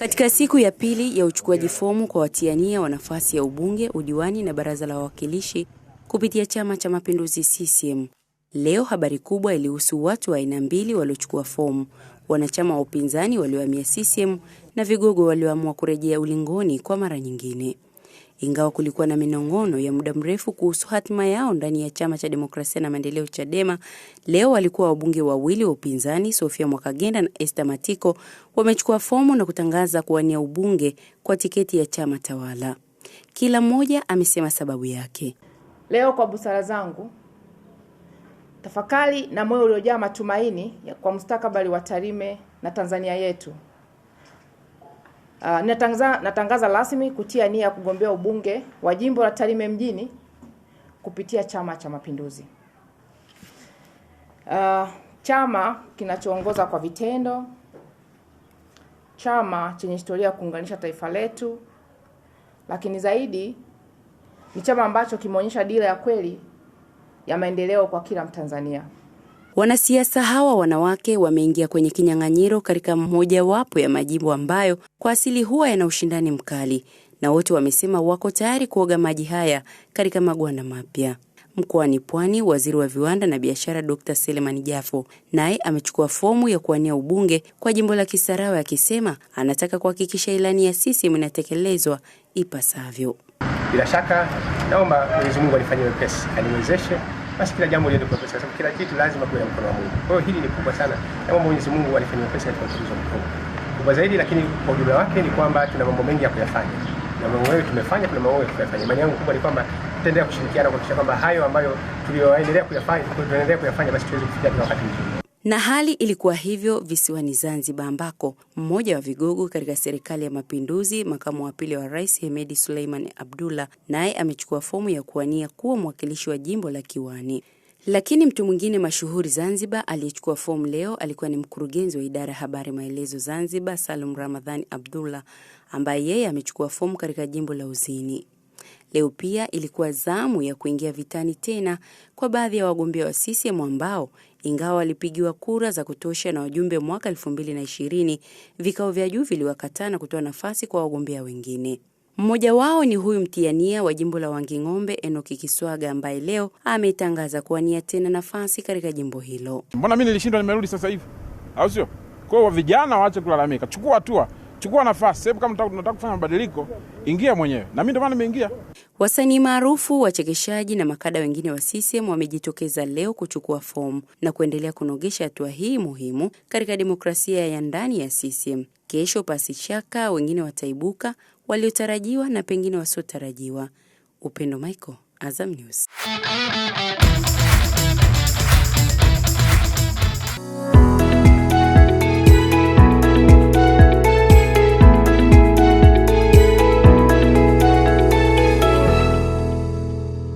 Katika siku ya pili ya uchukuaji fomu kwa watiania wa nafasi ya ubunge, udiwani na baraza la wawakilishi kupitia Chama cha Mapinduzi CCM, leo habari kubwa ilihusu watu wa aina mbili waliochukua fomu: wanachama wa upinzani waliohamia CCM na vigogo walioamua kurejea ulingoni kwa mara nyingine ingawa kulikuwa na minong'ono ya muda mrefu kuhusu hatima yao ndani ya chama cha demokrasia na maendeleo Chadema, leo walikuwa wabunge wawili wa upinzani Sofia Mwakagenda na este Matiko wamechukua fomu na kutangaza kuwania ubunge kwa tiketi ya chama tawala. Kila mmoja amesema sababu yake. Leo kwa busara zangu, tafakari na moyo uliojaa matumaini kwa mustakabali wa Tarime na Tanzania yetu Uh, natangaza, natangaza rasmi kutia nia ya kugombea ubunge wa jimbo la Tarime mjini kupitia Chama cha Mapinduzi. Uh, chama kinachoongoza kwa vitendo, chama chenye historia ya kuunganisha taifa letu, lakini zaidi ni chama ambacho kimeonyesha dira ya kweli ya maendeleo kwa kila Mtanzania. Wanasiasa hawa wanawake wameingia kwenye kinyang'anyiro katika mojawapo ya majimbo ambayo kwa asili huwa yana ushindani mkali, na wote wamesema wako tayari kuoga maji haya katika magwanda mapya. Mkoani Pwani, waziri wa viwanda na biashara Dr. Selemani Jafo naye amechukua fomu ya kuwania ubunge kwa jimbo la Kisarawe akisema anataka kuhakikisha ilani ya CCM inatekelezwa ipasavyo. Bila shaka naomba Mwenyezi Mungu anifanyie wepesi, aniwezeshe basi kila jambo liende kwa pesa, sababu kila kitu lazima kuwe na mkono wa Mungu. Kwa hiyo hili ni kubwa sana, kama Mwenyezi Mungu alifanya pesa katika utukufu mkubwa kubwa zaidi. Lakini kwa ujumla wake ni kwamba tuna mambo mengi ya kuyafanya na mambo mengi tumefanya, kuna mambo mengi kuyafanya. Imani yangu kubwa ni kwamba tutaendelea kushirikiana kuhakikisha kwamba hayo ambayo tuliyoendelea kuyafanya tunaendelea kuyafanya, basi tuweze kufikia wakati mzuri. Na hali ilikuwa hivyo visiwani Zanzibar ambako mmoja wa vigogo katika serikali ya mapinduzi, makamu wa pili wa rais Hemedi Suleiman Abdullah, naye amechukua fomu ya kuwania kuwa mwakilishi wa jimbo la Kiwani. Lakini mtu mwingine mashuhuri Zanzibar aliyechukua fomu leo alikuwa ni mkurugenzi wa idara ya habari maelezo Zanzibar, Salum Ramadhani Abdullah, ambaye yeye amechukua fomu katika jimbo la Uzini. Leo pia ilikuwa zamu ya kuingia vitani tena kwa baadhi ya wagombea wa CCM ambao ingawa walipigiwa kura za kutosha na wajumbe mwaka 2020, vikao vya juu viliwakataa na kutoa nafasi kwa wagombea wengine. Mmoja wao ni huyu mtiania wa jimbo la Wanging'ombe Enoki Kiswaga ambaye leo ametangaza kuwania tena nafasi katika jimbo hilo. Mbona mi nilishindwa, nimerudi sasa hivi, au sio? Kwa hiyo vijana waache kulalamika, chukua hatua, chukua nafasi. Hebu kama tunataka kufanya mabadiliko, ingia mwenyewe, na mi ndio maana nimeingia. Wasanii maarufu, wachekeshaji na makada wengine wa CCM wamejitokeza leo kuchukua fomu na kuendelea kunogesha hatua hii muhimu katika demokrasia ya ndani ya CCM. Kesho pasi shaka wengine wataibuka, waliotarajiwa na pengine wasiotarajiwa. Upendo Michael, Azam News.